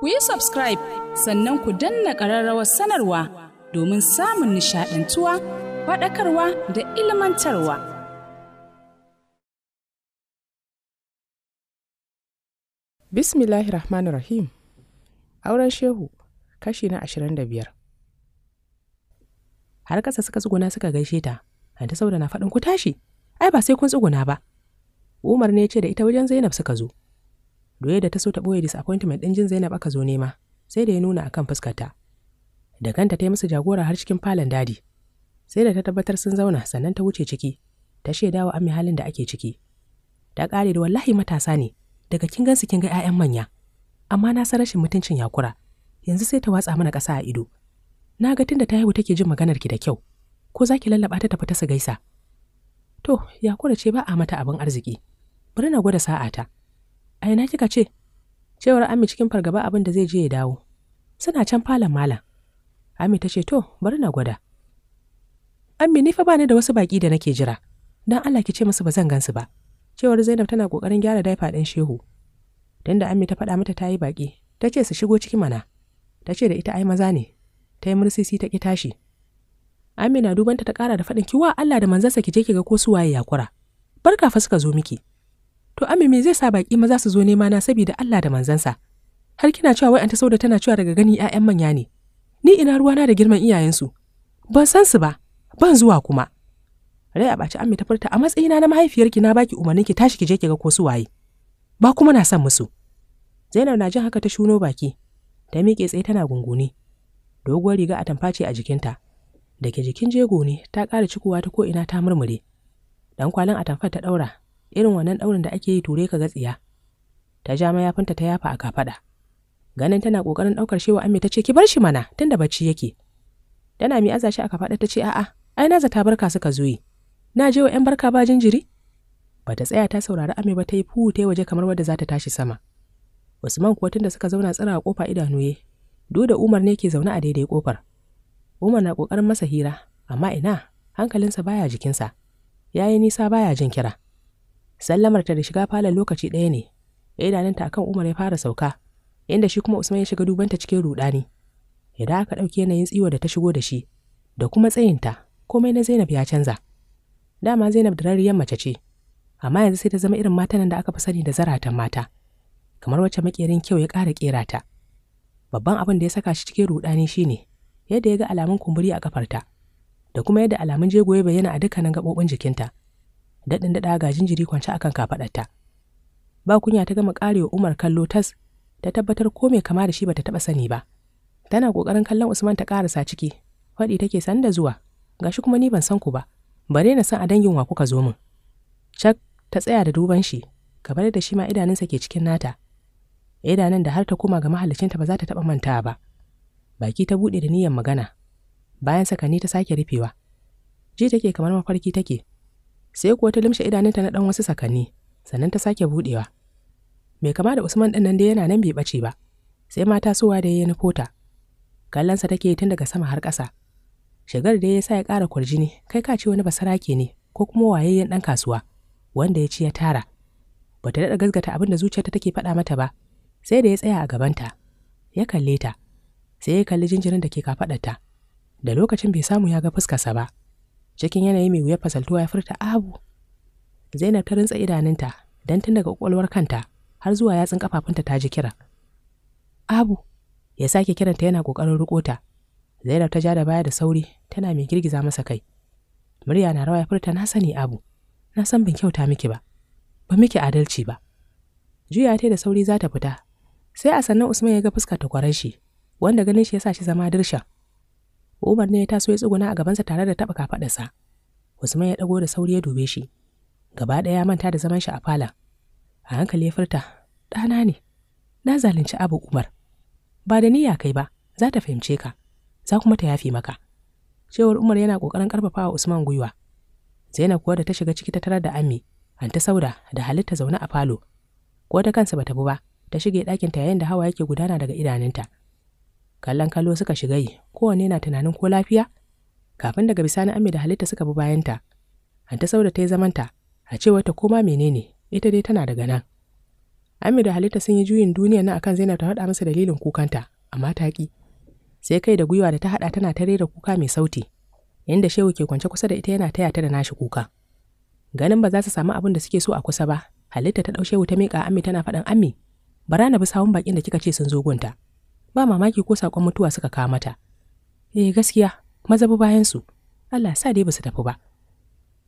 ku yi subscribe sannan ku danna ƙararrawar sanarwa domin samun nishaɗantuwa faɗakarwa da ilmantarwa. Bismillahirrahmanirrahim Rahim Auren Shehu kashi na ashirin da biyar. Har ƙasa suka tsuguna suka gaishe ta, ta saboda na faɗin ku tashi, ai ba sai kun tsuguna ba. Umar ne ce da ita wajen Zainab suka zo. Doye da ta so ta ɓoye disappointment ɗin jin Zainab aka zo nema, sai da ya nuna akan fuskarta. Da kanta ta yi musu jagora har cikin falon dadi. Sai da ta tabbatar sun zauna sannan ta wuce ciki, ta shaida wa Ami halin da ake ciki. Ta ƙare da wallahi matasa ne, daga kin gansu kin ga 'ya'yan manya. Amma na san rashin mutuncin yakura, yanzu sai ta watsa mana ƙasa a ido. Na ga tunda ta haihu take jin maganar ki da kyau, ko za ki lallaɓa ta tafi ta su gaisa. To, yakura ce ba a mata abin arziki, bari na gwada sa'a ta. A ina kika ce? Cewar Ami cikin fargaba abin da zai je ya dawo. Suna can falon malam. Ami ta ce, To, bari na gwada. Ami ni fa bani da wasu baƙi da nake jira. Dan Allah ki ce musu ba zan gansu ba. Cewar Zainab tana ƙoƙarin gyara daifa ɗin shehu. Dan da Ami ta faɗa mata tayi yi baƙi, ta ce su shigo ciki mana. Ta ce da ita ai maza ne. Ta yi mursisi ta ƙi tashi. Amina dubanta ta ƙara da faɗin kiwa Allah da manzansa ki je ki ga ko su waye yakura. Barka fa suka zo miki. To ame me zai sa baki maza su zo nema na saboda Allah da manzansa? Har kina cewa wai an ta sauda tana cewa daga gani 'ya'yan manya ne. Ni ina ruwa na da girman iyayensu. Ban san su ba, ban zuwa kuma. Rai a baci ame ta furta a matsayina na mahaifiyarki na baki umarni ki tashi ki je ki ga ko su waye. Ba kuma na san musu. Zainab na jin haka ta shuno baki. Ta miƙe tsaye tana gungune. Doguwar riga a tamfa ce a jikinta. Da ke jikin jego ne ta ƙara cikowa ta ko ina ta murmure. Dan kwalin tamfar ta ɗaura irin wannan ɗaurin da ake yi ture ka gatsiya ta ja mayafinta ta yafa a kafaɗa ganin tana ƙoƙarin ɗaukar wa amme ta ce ki bar shi mana tunda bacci yake tana mi aza shi a kafada ta ce a'a ai na zata barka suka zuyi. na je wa 'yan barka ba jinjiri bata tsaya ta saurari ami ba ta yi fuhu ta waje kamar wadda za ta tashi sama usman kuwa tunda suka zauna tsira a kofa idanuye duk da umar ne ke zaune a daidai kofar umar na ƙoƙarin masa hira amma ina hankalinsa baya jikinsa ya yi nisa baya jin kira sallamarta da shiga falon lokaci ɗaya ne idanunta akan umar ya fara sauka inda shi kuma usman ya shiga dubanta cikin rudani idan aka ɗauki yanayin tsiwa da ta shigo da shi da kuma tsayinta komai na zainab ya canza dama zainab da rariyar mace ce amma yanzu sai ta zama irin matanan da aka fi sani da zaratan mata kamar wacce makerin kyau ya ƙara ƙera ta babban abin da ya saka shi cikin rudani shine yadda ya ga alamun kumburi a kafarta da kuma yadda alamun jego ya bayyana a dukkanin gaɓoɓin jikinta daɗin daɗa ga jinjiri kwance akan kafaɗarta. Ba kunya ta gama ƙarewa Umar kallo tas, ta tabbatar ko mai kama da shi bata taɓa sani ba. Tana ƙoƙarin kallon Usman ta ƙarasa ciki, faɗi take san da zuwa, gashi kuma ni ban san ku ba, bare na san a dangin wa kuka zo min. Cak ta tsaya da duban shi, kamar da shi ma idanunsa ke cikin nata. Idanun da har ta koma ga mahalicinta ba za ta taɓa mantawa ba. Baki ta buɗe da niyyar magana, bayan sakani ta sake rufewa. Ji take kamar mafarki take, sai kuwa ta limshe idanunta na ɗan wasu sakanni sannan ta sake buɗewa mai kama da usman ɗin nan dai yana nan bai ɓace ba sai mata suwa da ya nufo ta kallonsa take tun daga sama har ƙasa shigar da ya sa ya ƙara kwarjini kai ka ce wani basarake ne ko kuma wayayyen ɗan kasuwa wanda ya ci ya tara bata daɗa gasgata abin da zuciyarta take faɗa mata ba sai da ya tsaya a gabanta ya kalle ta sai ya kalli jinjirin da ke kafaɗarta da lokacin bai samu ya ga fuskarsa ba cikin yanayi mai wuya fasaltuwa ya furta abu zainab ta rintsa idanunta don tun daga kwakwalwar kanta har zuwa yatsun kafafunta ta ji kira abu ya sake kiranta yana kokarin riko ta zainab ta ja da baya da sauri tana mai girgiza masa kai murya na rawa ya furta na sani abu na san ban kyauta miki ba ba miki adalci ba juya ta da sauri za ta fita sai a sannan usman ya ga fuskar ta kwarar shi wanda ganin shi ya sa shi zama dirshan. Umar ne ya taso ya tsuguna a gabansa tare da taɓa kafaɗarsa. Usman ya ɗago da sauri ya dube shi. Gaba ɗaya ya manta da zaman shi a fala. A hankali ya furta, ɗana ne, na zalunci Abu Umar. Ba da niyya kai ba, za ta fahimce ka, za kuma ta yafi maka. Cewar Umar yana ƙoƙarin ƙarfafa wa Usman gwiwa. Zainab kuwa da ta shiga ciki ta tarar da Ami, Anta Sauda da Halitta zaune a falo. Ko ta kansa bata bi ba, ta shige ɗakinta yayin da hawa yake gudana daga idanunta. kallon kallo suka shiga yi kowanne na tunanin ko lafiya kafin daga bisani ami da halitta suka bi bayanta anta sauda ta yi zamanta a cewar ta koma menene ita dai tana daga nan ami da halitta sun yi juyin duniya na akan zainab ta haɗa masa dalilin kukanta amma ta ki sai kai da gwiwa da ta haɗa tana ta rera kuka mai sauti inda shehu ke kwance kusa da ita yana taya ta da nashi kuka ganin ba za su samu abin da suke so a kusa ba halitta ta ɗau shehu ta miƙa ami tana faɗin ami bara na bi sawun bakin da kika ce sun zo gunta ba mamaki ko sakon mutuwa suka kawo mata eh gaskiya mazabu bayan su Allah sa dai ba su tafi ba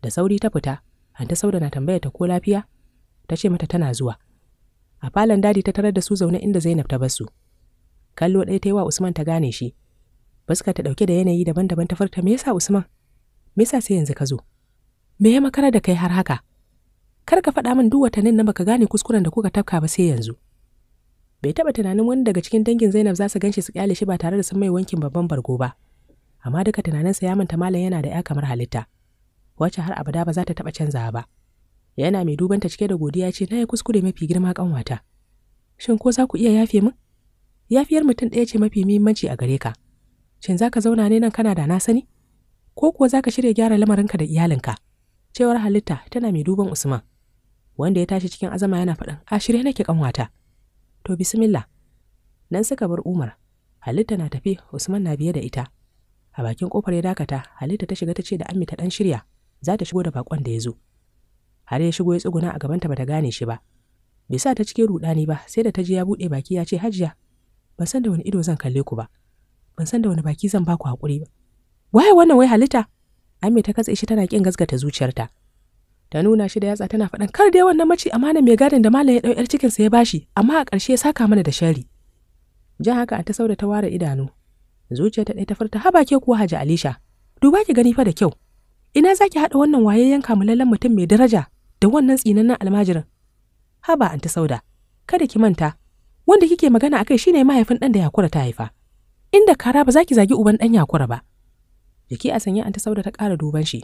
da sauri ta fita anta sauda na tambaya ta ko lafiya ta ce mata tana zuwa a falon dadi ta tarar da su zaune inda Zainab ta bar su. kallo ɗaya ta yi wa Usman ta gane shi fuska ta ɗauke da yanayi daban-daban ta furta me yasa Usman me yasa sai yanzu ka zo me ya makara da kai har haka kar ka faɗa min duk watannin na baka gane kuskuren da kuka tafka ba sai yanzu bai taba tunanin wani daga cikin dangin Zainab za su ganshi su kyale shi ba tare da sun mai wankin babban bargo ba. Amma duka tunaninsa ya manta malam yana da ya kamar halitta, wacce har abada ba za ta taɓa canzawa ba. Yana mai duban ta cike da godiya ce na ya kuskure mafi girma kanwata. Shin ko za ku iya yafe min? Yafiyar mutum ɗaya ce mafi muhimmanci a gare ka. Shin za ka zauna ne nan kana da na sani? Ko kuwa za ka shirya gyara lamarinka da iyalinka? Cewar halitta tana mai duban Usman, wanda ya tashi cikin azama yana faɗin, a shirye nake kanwata. To bismillah. Nan suka bar Umar. Halitta na tafi Usman na biye da ita. A bakin kofar ya dakata, Halitta ta shiga ta ce da Ammi ta dan shirya, za ta shigo da bakon da ya zo. Har ya shigo ya tsuguna a gabanta bata gane shi ba. Bai sa ta cike rudani ba, sai da ta ji ya bude baki ya ce Hajiya, ban san da wani ido zan kalle ku ba. Ban san da wani baki zan ba ku hakuri ba. Waye wannan wai Halitta? Ammi ta katse shi tana kin gasgata zuciyarta. da nuna shi da yatsa tana faɗan kar dai wannan mace amana mai gadin da malam ya ɗau yar cikinsa ya bashi amma a ƙarshe ya saka mana da shari jan haka an ta sauda ta ware idanu zuciya ta ɗaya ta furta haba ke kuwa haji alisha duba ki gani fa da kyau ina za ki haɗa wannan waye-yanka yanka kamulallen mutum mai daraja da wannan tsinannen almajirin haba an ta sauda kada ki manta wanda kike magana akai shine mahaifin ɗan da yakura ta haifa inda kara ba za ki zagi uban ɗan yakura ba jiki a sanya an ta sauda ta ƙara duban shi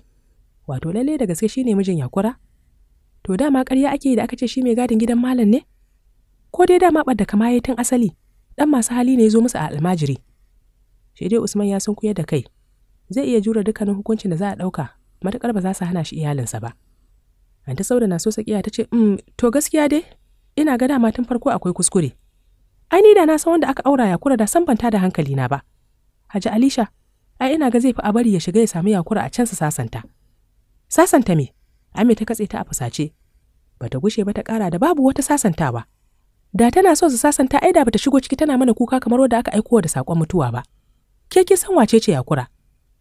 wato lalle da gaske shine mijin yakura to dama ƙarya ake yi da aka ce shi mai gadin gidan malam ne ko dai dama ɓadda kama ya tun asali ɗan masu hali ne ya zo musu a almajiri shi dai usman ya sunkuyar da kai zai iya jura dukkanin hukuncin da za a ɗauka matuƙar ba za su hana shi iyalinsa ba anta sauda na so sakiya ta ce mm, to gaskiya dai ina ga dama tun farko akwai kuskure ai ni da na san wanda aka aura yakura da san banta da hankali na ba haji alisha ai ina ga zai fi a bari ya shiga ya sami yakura a can su sasanta Sasanta me? ame ta katse ta a fusace. Bata gushe ba ta ƙara da babu wata sasantawa. Da tana so su sasanta ai da bata shigo ciki tana mana kuka kamar wadda aka aiko da sakon mutuwa ba. Ke ke san wace ce yakura?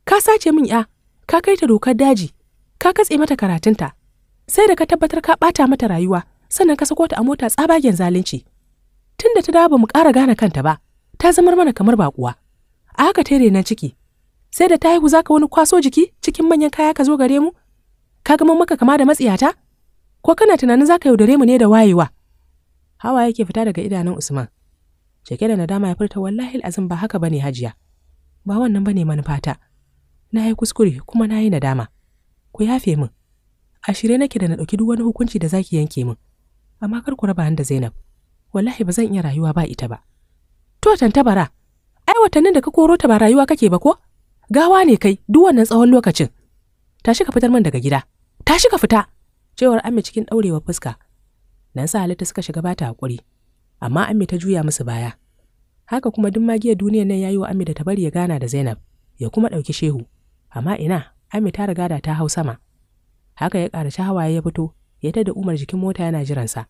Ka sace min ya, ka kai ta dokar daji, ka katse mata karatunta. Sai da ka tabbatar ka bata mata rayuwa, sannan ka sako ta a mota tsabagen zalunci. Tunda ta dawo ba mu kara gane kanta ba, ta zamar mana kamar bakuwa. A haka ta nan ciki, sai da ta haihu za wani kwaso jiki cikin manyan kaya ka zo gare mu ka ga maka kama da matsiyata ko kana tunanin za ka yaudare mu ne da wayewa hawa yake fita daga idanun usman cike da nadama ya furta wallahi azin ba haka bane hajiya ba wannan bane manufata na yi kuskure kuma na yi nadama ku yafe min a shirye nake da na ɗauki duk wani hukunci da zaki yanke min amma kar ku raba da zainab wallahi ba zan iya rayuwa ba ita ba to tantabara ai watannin da ka koro ta ba rayuwa kake ba ko gawa ne kai duk wannan tsawon lokacin tashi ka fitar min daga gida tashi ka fita cewar Ami cikin daurewa fuska nan sa halitta suka shiga bata hakuri amma Ami ta juya musu baya haka kuma duk magiyar duniyar nan yayi wa Ami da ta bari ya gana da Zainab ya kuma ɗauki shehu amma ina Ami ta riga da ta hau sama haka ya ƙarashi hawaye ya fito ya ta da umar jikin mota yana jiransa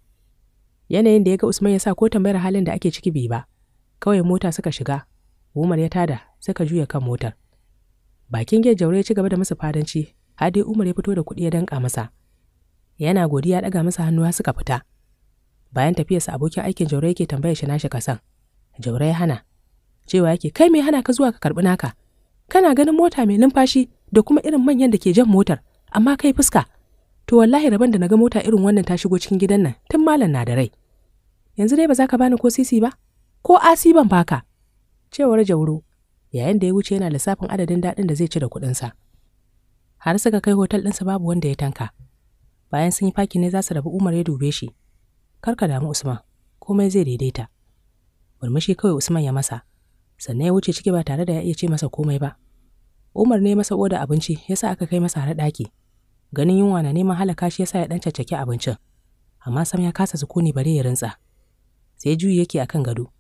yanayin da ya ga usman ya sa ko tambayar halin da ake ciki bai ba kawai mota suka shiga umar ya tada suka juya kan motar bakin gejaure jaure ya ci gaba da musu fadanci har dai Umar ya fito da kuɗi ya danƙa masa. Yana godiya ya ɗaga masa hannuwa suka fita. Bayan tafiyarsa abokin aikin Jauro yake tambaya shi nashi kasan. Jauro ya hana. Cewa yake kai me hana ka zuwa ka karɓi naka? Kana ganin mota mai numfashi da kuma irin manyan da ke jan motar, amma kai fuska. To wallahi rabon da naga mota irin wannan ta shigo cikin gidan nan tun malam na da rai. Yanzu dai ba za ka bani ko sisi ba? Ko asi ban baka? Cewar Jauro yayin da ya wuce yana lissafin adadin daɗin da zai ci da kuɗinsa. har suka kai hotel ɗinsa babu wanda ya tanka bayan sun yi faki ne za su rabu umar ya dube shi kar ka damu usman komai zai daidaita murmushi kawai usman ya masa sannan ya wuce ciki ba tare da ya iya ce masa komai ba umar ne masa oda abinci ya sa aka kai masa har ɗaki ganin yunwa na neman halaka shi ya sa ya ɗan caccaki abincin amma sam ya kasa sukuni bare ya rintsa sai juyi yake akan gado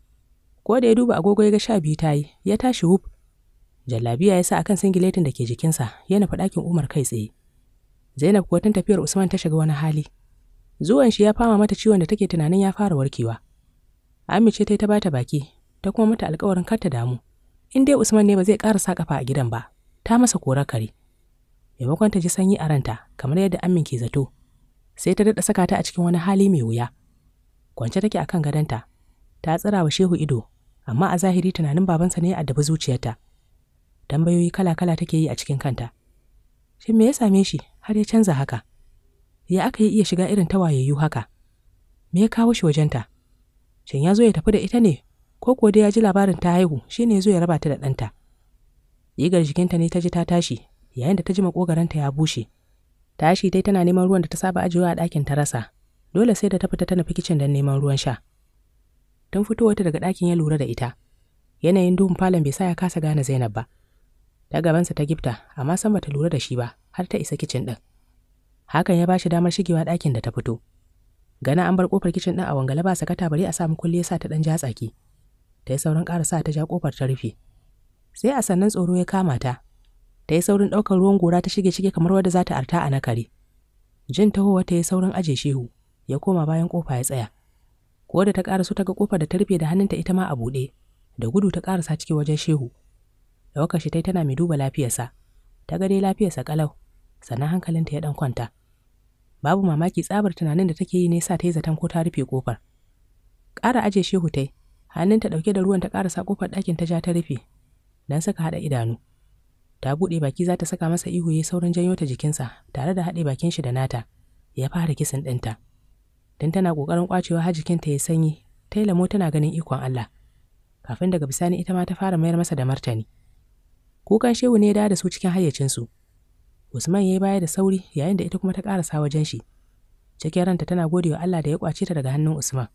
ko da ya duba agogo ya ga sha biyu ta yi ya tashi wuf Jallabiya ya sa akan singiletin da ke jikinsa ya nufi ɗakin Umar kai tsaye. Zainab kuwa tun tafiyar Usman ta shiga wani hali. Zuwan shi ya fama mata ciwon da take tunanin ya fara warkewa. Amince ta yi ta bata baki, ta kuma mata alkawarin kar ta damu. In dai Usman ne ba zai ƙara sa kafa a gidan ba, ta masa kora kare. Maimakon ta ji sanyi a ranta kamar yadda Amin ke zato, sai ta daɗa saka ta a cikin wani hali mai wuya. Kwance take akan gadonta, ta tsira wa Shehu ido, amma a zahiri tunanin babansa ne ya addabi zuciyarta. tambayoyi kala-kala take yi a cikin kanta. Shin me ya same shi har ya canza haka? Ya aka yi iya shiga irin ta wayayyu haka? Me ya kawo shi wajenta? Shin ya zo ya tafi da ita ne? Ko kuwa dai ya ji labarin ta haihu shi ne ya zo ya raba ta da ɗanta? Yigar jikinta ne ta ji ta tashi yayin da ta ji makogaranta ya bushe. Tashi dai tana neman ruwan da ta saba ajiyewa a ɗakin ta rasa. Dole sai da ta fita tana fikicin kicin don neman ruwan sha. Tun fitowarta daga ɗakin ya lura da ita. Yanayin duhun falon bai sa ya kasa gane Zainab ba. ta gabansa ta gifta amma san bata lura da shi ba har ta isa kicin ɗin hakan ya ba shi damar shigewa ɗakin da ta fito gana an bar kofar kicin ɗin a wangale ba sakata bari a samu kulle ya sa ta ɗan ja tsaki ta yi sauran ƙara sa ta ja kofar ta rufe sai a sannan tsoro ya kama ta ta yi saurin ɗaukar ruwan gora ta shige shige kamar wadda za ta arta a nakare jin tahowa ta yi saurin aje shehu ya koma bayan kofa ya tsaya ko da ta ƙara su ta ga kofar da ta rufe da hannunta ita ma a buɗe da gudu ta sa cikin wajen shehu waka shi ta tana mai duba lafiyarsa. Ta ga dai lafiyarsa kalau, sannan hankalinta ya ɗan kwanta. Babu mamaki tsabar tunanin da take yi ne sa ta yi zaton ko ta rufe kofar. Ƙara aje shi hutai. Hannun hannunta ɗauke da ruwan ta sa kofar ɗakin ta ja ta rufe, don suka haɗa idanu. Ta buɗe baki za ta saka masa ihu ya saurin janyo ta jikinsa tare da haɗe bakin shi da nata, ya fara kisan ɗinta. Don tana ƙoƙarin ƙwacewa har jikinta ya sanyi, ta yi lamo tana ganin ikon Allah. Kafin daga bisani ita ma ta fara mayar masa da martani. Kukan shehu ne ya da su cikin hayyacinsu. Usman ya yi baya da sauri yayin da ita kuma ta ƙarasa wajen shi. Cikin ranta tana gode wa Allah da ya ƙwace ta daga hannun Usman.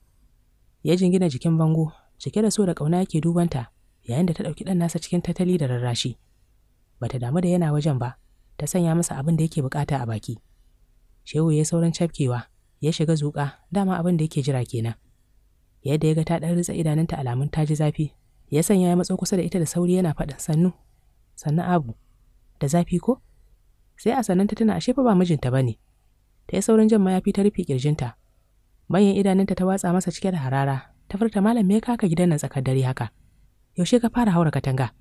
Ya jingina jikin bango, cike da so da ƙauna yake dubanta yayin da ta ɗauki ɗan nasa cikin tattali da rarrashi. ta damu da yana wajen ba, ta sanya masa abin da yake buƙata a baki. Shehu ya sauran cafkewa, ya shiga zuƙa, dama abin da yake jira kenan. Yadda ya ga ta ɗan ritsa idanunta alamun ta ji zafi, ya sanya ya matso kusa da ita da sauri yana faɗin sannu sannan abu da zafi ko sai a sannan ta tana ashe fa ba mijinta ba ne ta yi saurin jan mayafi ta rufe kirjinta manyan idanunta ta watsa masa cike da harara ta furta malam me ya kaka gidan nan tsakar dare haka yaushe ka fara haura katanga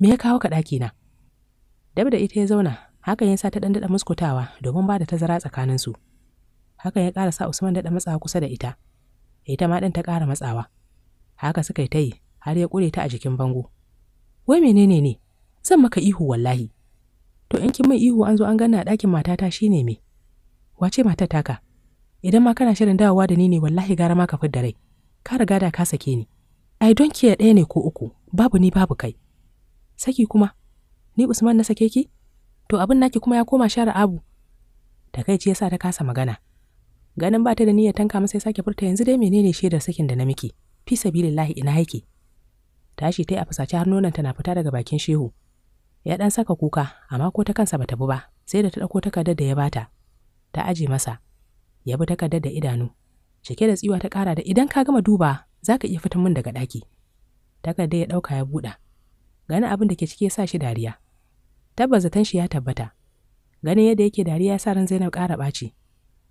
me ya kawo ka ɗaki na dab da ita ya zauna hakan ya sa ta ɗan daɗa muskutawa domin ba da tazara tsakaninsu hakan ya ƙara sa usman daɗa matsawa kusa da ita ita ma ɗin ta ƙara matsawa haka suka yi ta yi har ya ƙure ta a jikin bango wai menene ne zan maka ihu wallahi to in kin mai ihu an zo an gana a ɗakin matata shine me wace matar taka idan ma kana shirin dawowa da ni ne wallahi gara ma ka fidda rai ka riga da ka sake ni ai don kiya ɗaya ne ko uku babu ni babu kai saki kuma ni usman na sake ki to abin naki kuma ya koma share abu takaici yasa ta kasa magana ganin ba ta da niyyar tanka masa ya sake furta yanzu dai menene shaidar sakin da na miki fi sabilillahi ina yake tashi ta a fusace har nonanta na fita daga bakin shehu ya ɗan saka kuka amma ko ta kansa bata bu ba sai da ta ɗauko takardar da ya bata ta aje masa ya bi takardar da idanu cike da tsiwa ta kara da idan ka gama duba zaka iya fitan mun daga ɗaki takardar ya ɗauka ya buɗa gani abin da ke cike ya sa shi dariya tabbas zaton shi ya tabbata ganin yadda yake dariya ya sa ran Zainab kara baci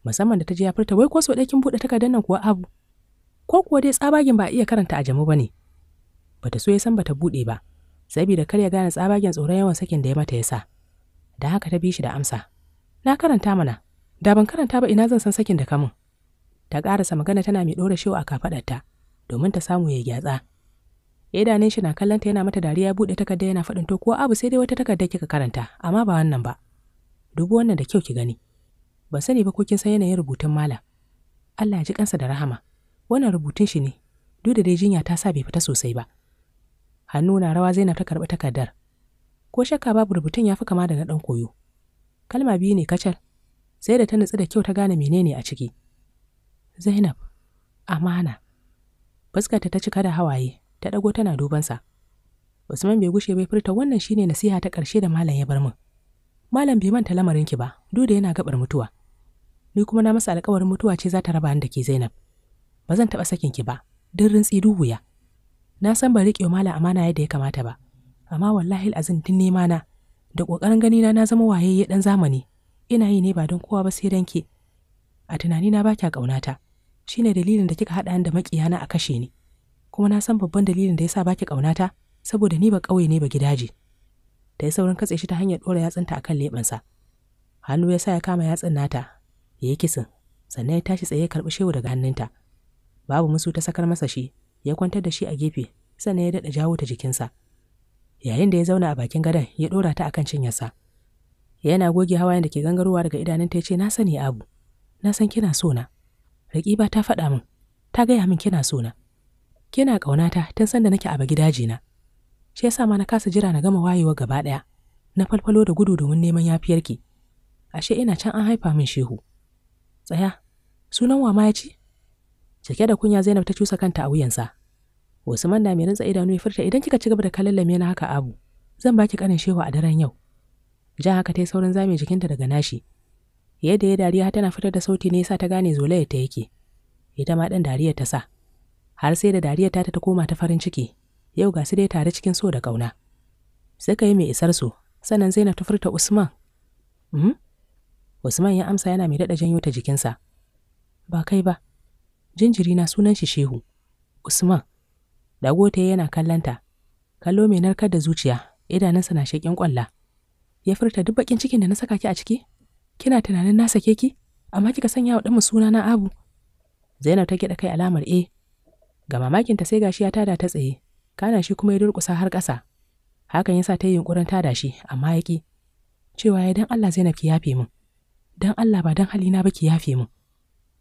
musamman da ta ji ya furta wai ko so dakin buɗe takardar nan kuwa abu ko kuwa dai tsabagin ba a iya karanta a jamu ba ne bata so ya san bata buɗe ba saboda kar ya gane tsabagen tsoron yawan sakin da ya mata ya sa. Da haka ta bi shi da amsa. Na karanta mana, da ban karanta ba ina zan san sakin da kamun. Ta ƙarasa magana tana mai ɗora shiwa a kafaɗarta domin ta samu ya gyatsa. Idanun shi na kallonta yana mata dariya ya buɗe takarda yana faɗin to kuwa abu sai dai wata takarda kika karanta amma ba wannan ba. Dubu wannan da kyau ki gani. Ban sani ba ko kin san yanayin rubutun malam. Allah ya ji kansa da rahama. Wannan rubutun shi ne. Duk da dai jinya ta sa bai fita sosai ba. hannu na rawa zainab ta karɓi takardar ko shakka babu rubutun ya fi kama da na ɗan koyo kalma biyu ne kacal sai da ta nutsu da kyau ta gane menene a ciki zainab amana fuskarta ta cika da hawaye ta ɗago tana dubansa usman bai gushe bai furta wannan shine nasiha ta ƙarshe da malam ya bar min malam bai manta lamarin ki ba duk da yana gabar mutuwa ni kuma na masa alƙawarin mutuwa ce za ta raba ni da ke zainab ba zan taɓa sakin ki ba duk rintsi wuya na san ba riƙe mala amana yadda ya kamata ba amma wallahi azin din nema na da ƙoƙarin gani na na zama wayayye ɗan zamani ina yi ne ba don kowa ba sai dan ke a tunanina ba kya ƙaunata shine dalilin da kika haɗa da makiyana a kashe ni kuma na san babban dalilin da yasa ba ki ƙaunata saboda ni ba ƙauye ne ba gidaje da ya saurin katse shi ta hanyar ɗora yatsunta akan leɓensa hannu ya sa ya kama yatsun nata ya yi kisin sannan ya tashi tsaye ya karɓi shehu daga hannunta babu musu ta sakar masa shi ya kwantar da shi a gefe sannan ya daɗa jawo ta jikinsa yayin da ya zauna a bakin gadon ya ɗora ta akan cinyarsa yana goge hawayen da ke gangarowa daga idanunta ya ce na sani abu na san kina sona. na raƙiba ta faɗa min ta gaya min kina sona. kina ƙaunata tun san da nake a gidaje na shi yasa ma na kasa jira na gama wayewa gaba ɗaya na falfalo da gudu domin neman yafiyarki ashe ina can an haifa min shehu tsaya sunan wa ma ya ce Cike da kunya Zainab ta cusa kanta a wuyansa. Usman na mai rantsa idanu ya furta idan kika ci da kallon lame na haka abu, zan baki kanin shewa a daren yau. Ja haka ta yi saurin zame jikinta daga nashi. Yadda ya dariya tana fitar da sauti ne yasa ta gane zolayar ta yake. Ita ma dan dariyar ta sa. Har sai da dariyar ta ta koma ta farin ciki. Yau ga su dai tare cikin so da ƙauna. Suka yi mai isar su, sannan Zainab ta furta Usman. Mm? Usman ya amsa yana mai daɗa janyo ta jikinsa. Ba kai ba, jinjiri na sunan shi Shehu, Usman. Dago ta yana kallanta, kallo mai narkar da zuciya, idanunsa na shaƙin ƙwalla. Ya furta duk bakin cikin da na saka ki a ciki? Kina tunanin na sake ki? Amma kika sanya wa ɗanmu suna na Abu. Zainab ta kiɗa kai alamar E. Ga mamakin ta sai gashi ya tada ta tsaye, kana shi kuma ya durƙusa har ƙasa. Hakan yasa ta yi yunkurin tada shi, amma ya ƙi. Cewa ya dan Allah Zainab ki yafe min. Dan Allah ba dan halina ba ki yafe min.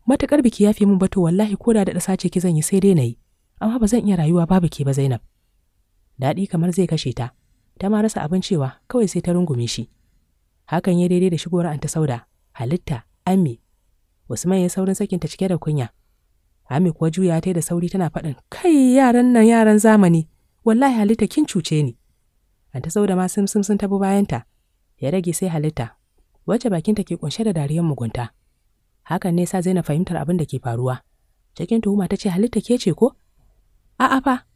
Matuƙar biki ya fi min bato wallahi ko da ɗasa ce ki zan yi sai dai na yi, amma ba zan iya rayuwa babu ke ba Zainab. Daɗi kamar zai kashe ta, ta ma rasa abin cewa kawai sai ta rungume shi. Hakan ya daidai da shigowar Anta Sauda, Halitta, ami. Usman ya saurin sakinta cike da kunya. ami kuwa juya ta da sauri tana faɗin, kai yaran nan yaran zamani, wallahi Halitta kin cuce ni. Anta Sauda ma sim sim sun ta bayanta, ya rage sai Halitta, wacce bakinta ke kunshe da dariyar mugunta. hakan ne sa Zainab fahimtar abin da ke faruwa. Cikin tuhuma ta ce halitta ke ce ko? A'a fa,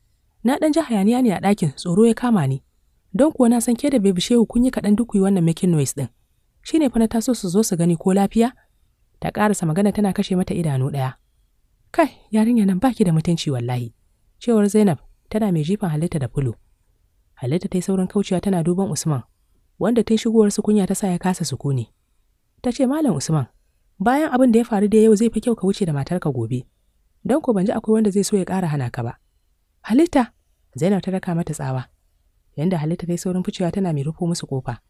na ɗan ji hayaniya ne a ɗakin tsoro ya kama ni. Don kuwa na san ke da bebi Shehu kun yi kaɗan duk wannan making noise ɗin. Shi ne fa na taso su zo su gani ko lafiya? Ta ƙarasa magana tana kashe mata idanu ɗaya. Kai, yarinya nan baki da mutunci wallahi. Cewar Zainab tana mai jifan halitta da fulo. Halitta ta yi saurin kaucewa tana duban Usman, wanda tun shigowar su kunya ta sa ya kasa sukuni. Ta ce Malam Usman, bayan abin da ya faru da yau zai fi kyau ka wuce da matar ka gobe don ko ban ji akwai wanda zai so ya ƙara hana ka ba halitta zainab ta raka mata tsawa yanda halitta ta saurin ficewa tana mai rufo musu kofa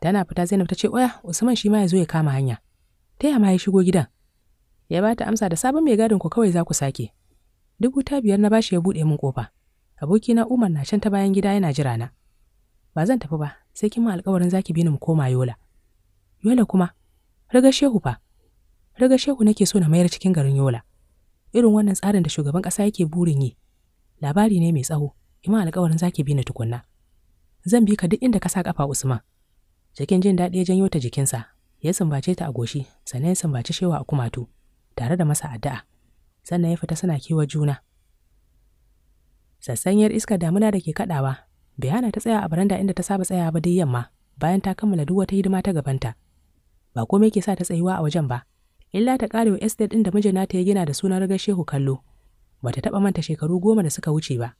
tana fita zainab ta ce oya usman shi ma ya zo ya kama hanya ta yama ya shigo gidan ya ba ta amsa da sabon mai gadin ku kawai za ku sake dubu ta biyar na bashi ya buɗe min kofa abokina umar na can ta bayan gida yana jira na ba zan tafi ba sai kin alƙawarin zaki bi ni mu koma yola yola kuma riga shehu fa riga shehu nake so na mayar cikin garin yola irin wannan tsarin da shugaban ƙasa yake burin yi labari ne mai tsawo ima alƙawarin zaki bi na tukunna zan bi ka duk inda ka sa ƙafa usman cikin jin daɗi ya janyo ta jikinsa ya sumbace ta a goshi sannan ya sumbace shewa a kumatu tare da masa addu'a sannan ya fita suna kewa juna sassanyar iskar damuna da ke kaɗawa bayana ta tsaya a baranda inda ta saba tsayawa ba dai yamma bayan ta kammala duk wata hidima ta gabanta ba komai ke sa ta tsayuwa a wajen ba illa ta ƙare wa estate ɗin da mijina ta ya gina da sunan rigar shehu kallo ba ta taɓa manta shekaru goma da suka wuce ba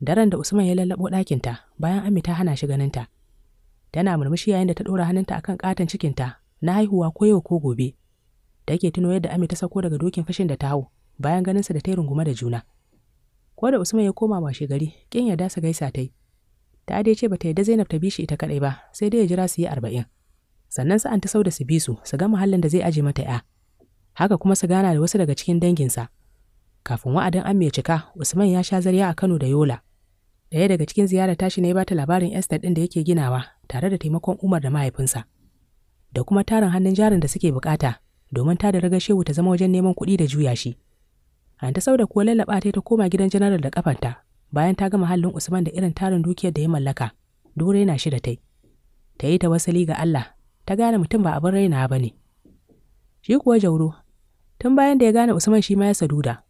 daren da usman ya lallaɓo ɗakinta bayan ami ta hana shi ganinta tana murmushi yayin da ta ɗora hannunta akan ƙaton cikinta na haihuwa ko yau ko gobe da ke tuno yadda ami ta sako daga dokin fashin da ta hau bayan ganinsa da ta yi runguma da juna ko da usman ya koma washe gari kin ya dasa gaisa ta yi ta dai ce bata yadda zainab ta bi shi ita kaɗai ba sai dai ya jira su yi arba'in sannan sa'an ta sau da su bi su su ga mahallin da zai aje mata ya haka kuma su gana da wasu daga cikin danginsa. Kafin wa'adin an mai cika, Usman ya sha zarya a Kano da Yola. Daya daga cikin ziyarar tashi ne ya bata labarin Esther ɗin da yake ginawa tare da taimakon Umar da mahaifinsa. Da kuma tarin hannun jarin da suke bukata domin ta da raga shehu ta zama wajen neman kuɗi da juya shi. sau da kuwa lallaɓa ta ta koma gidan janaral da kafanta bayan ta gama hallin Usman da irin tarin dukiyar da ya mallaka, dore na shi da tai. Ta yi ta wasali ga Allah, ta gane mutum ba abin raina ba ne. Shi kuwa Jauro Tun bayan da ya gane Usman shi ma ya saduda.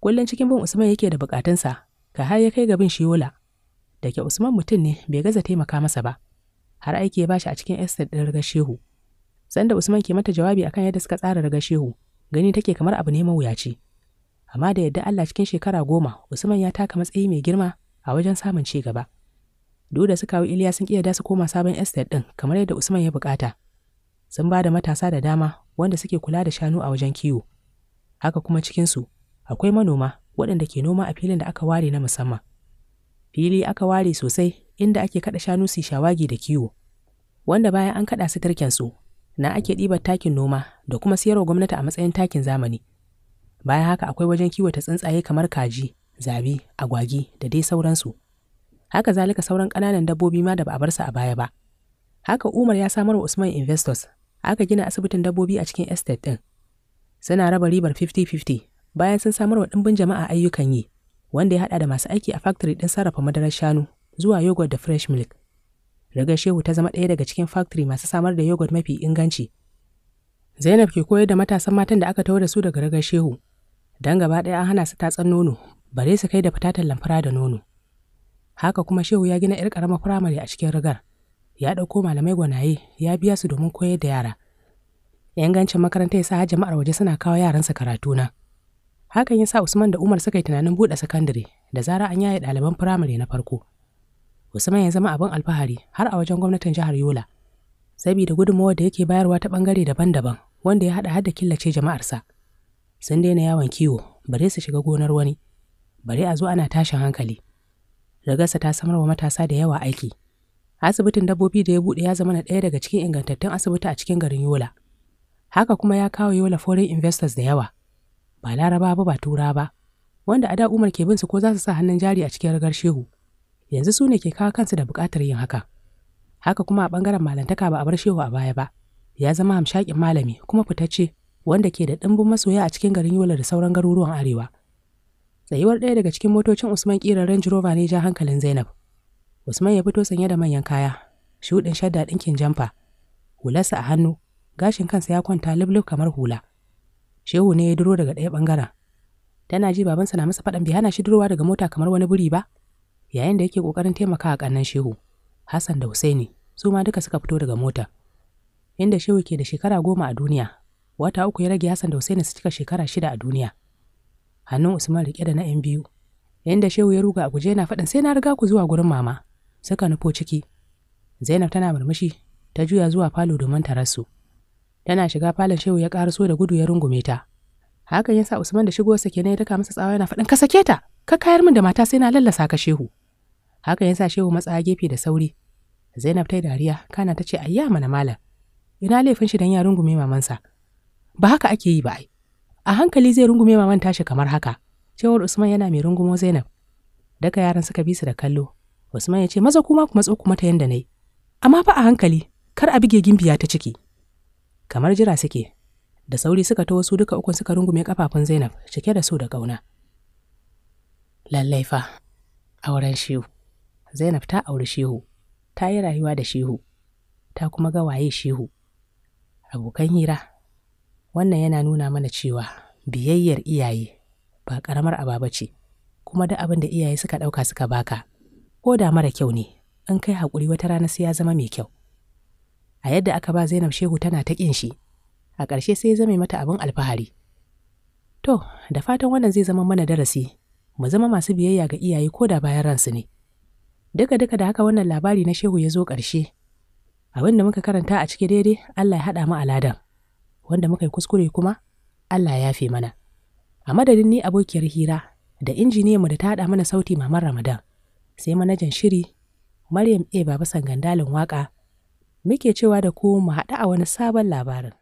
Kullum cikin bin Usman yake da bukatunsa, ka har ya kai ga bin Shiola. Da ke Usman mutum ne bai gaza taimaka masa ba. Har aiki ya bashi a cikin estate ɗin rigar Shehu. Sanda Usman ke mata jawabi akan yadda suka tsara rigar Shehu, gani take kamar abu ne mawuyaci. Amma da yadda Allah cikin shekara goma, Usman ya taka matsayi mai girma a wajen samun ci gaba. duk da suka Iliya sun iya su koma sabon estate ɗin kamar yadda Usman ya bukata. Sun ba da matasa da dama wanda suke kula da shanu a wajen kiwo. Haka kuma cikinsu akwai manoma waɗanda ke noma a filin da aka ware na musamman. Fili aka ware sosai inda ake kaɗa shanu su shawagi da kiwo, wanda bayan an kaɗa su tarkensu na ake ɗibar takin noma da kuma siyarwa gwamnati a matsayin takin zamani. Bayan haka akwai wajen kiwo ta tsuntsaye kamar kaji, zabi, agwagi da dai sauransu. Haka zalika sauran ƙananan dabbobi ma da ba a bar su a baya ba. Haka Umar ya samar wa Usman Investors Aka gina asibitin dabbobi a cikin estate ɗin. Suna raba ribar 50-50 bayan sun samar wa ɗimbin jama'a ayyukan yi, wanda ya haɗa da masu aiki a factory ɗin sarrafa madarar shanu zuwa yogurt da fresh milk. Rigar Shehu ta zama ɗaya daga cikin factory masu samar da yogurt mafi inganci. Zainab ke koyar da matasan matan da aka taho da su daga Rigar Shehu, don gaba ɗaya an hana su tatsan nono, bare su kai da fitatan lamfara da nono. Haka kuma Shehu ya gina 'yar ƙaramar firamare a cikin rigar. ya ɗauko malamai gwanaye ya biya su domin koyar da yara. Yangancin makaranta ya sa har jama'ar waje suna kawo yaransa karatu na. Hakan ya sa Usman da Umar suka yi tunanin buɗe sakandare da zara an yaye ɗaliban firamare na farko. Usman ya zama abin alfahari har a wajen gwamnatin jihar Yola. Sabida gudunmawar da yake bayarwa ta ɓangare daban-daban wanda ya haɗa har da killace jama'arsa. Sun daina yawon kiwo, bare su shiga gonar wani, bare a zo ana tashin hankali. Rigarsa ta samar wa matasa da yawa aiki, asibitin dabbobi da ya bude ya zama na ɗaya daga cikin ingantattun asibiti a cikin garin yola haka kuma ya kawo yola foreign investors da yawa ba laraba ba ba tura ba wanda a da umar ke bin su ko za su sa hannun jari a cikin ragar shehu yanzu su ne ke kawo kansu da buƙatar yin haka haka kuma a ɓangaren malantaka ba a bar shehu a baya ba ya zama hamshakin malami kuma fitacce wanda ke da ɗimbin masoya a cikin garin yola da sauran garuruwan arewa tsayuwar ɗaya daga cikin motocin usman ƙirar range rover ne ja hankalin zainab Usman ya fito sanye da manyan kaya, shuɗin shadda ɗinkin jamfa, hularsa a hannu, gashin kansa ya kwanta lubluf kamar hula. Shehu ne ya duro daga ɗaya ɓangaren. Tana ji babansa na masa faɗan bai hana shi durowa daga mota kamar wani buri ba, yayin da yake ƙoƙarin taimakawa a ƙannan Shehu. Hassan da Husaini su ma duka suka fito daga mota. Inda Shehu ke da shekara goma a duniya, wata uku ya rage Hassan da Husaini su cika shekara shida a duniya. Hannun Usman riƙe da na 'yan biyu, inda Shehu ya ruga a guje yana faɗin sai na riga ku zuwa gurin mama. suka nufo ciki zainab tana murmushi ta juya zuwa falo domin ta rasu tana shiga falon shehu ya karaso da gudu ya rungume ta hakan yasa usman da shigo sa kenan ya daka masa tsawa yana faɗin ka sake ta ka kayar min da mata sai na lallasa ka shehu hakan yasa shehu matsa gefe da sauri zainab ta yi dariya kana ta ce ayya mana malam ina laifin shi dan ya rungume mamansa ba haka ake yi ba ai a hankali zai rungume maman tashi kamar haka cewar usman yana mai rungumo zainab Daka yaran suka bi su da kallo Usman ya ce maza kuma ku matso ku mata yanda na Amma fa a hankali, kar a bige gimbiya ta ciki. Kamar jira suke, da sauri suka ta wasu duka ukun suka rungume kafafun Zainab cike da su da ƙauna. Lallai fa, auren shehu. Zainab ta auri shehu, ta yi rayuwa da shehu, ta kuma ga waye shehu. Abokan hira, wannan yana nuna mana cewa biyayyar iyaye ba ƙaramar ababa ce, kuma duk abin da iyaye suka ɗauka suka baka ko da mara kyau ne in kai hakuri wata rana sai ya zama mai kyau a yadda aka ba zainab shehu tana ta ƙin shi a ƙarshe sai ya zame mata abin alfahari to da fatan wannan zai zama mana darasi mu zama masu biyayya ga iyaye ko da bayan ransu ne duka duka da haka wannan labari na shehu ya zo ƙarshe abin da muka karanta a ciki daidai Allah ya haɗa mu aladan wanda muka yi kuskure kuma Allah ya yafe mana a madadin ni abokiyar hira da injiniyanmu da ta haɗa mana sauti maman Ramadan sai manajan shiri Maryam A. Baba Sangandalin waƙa muke cewa da ku mu haɗu a wani sabon labarin.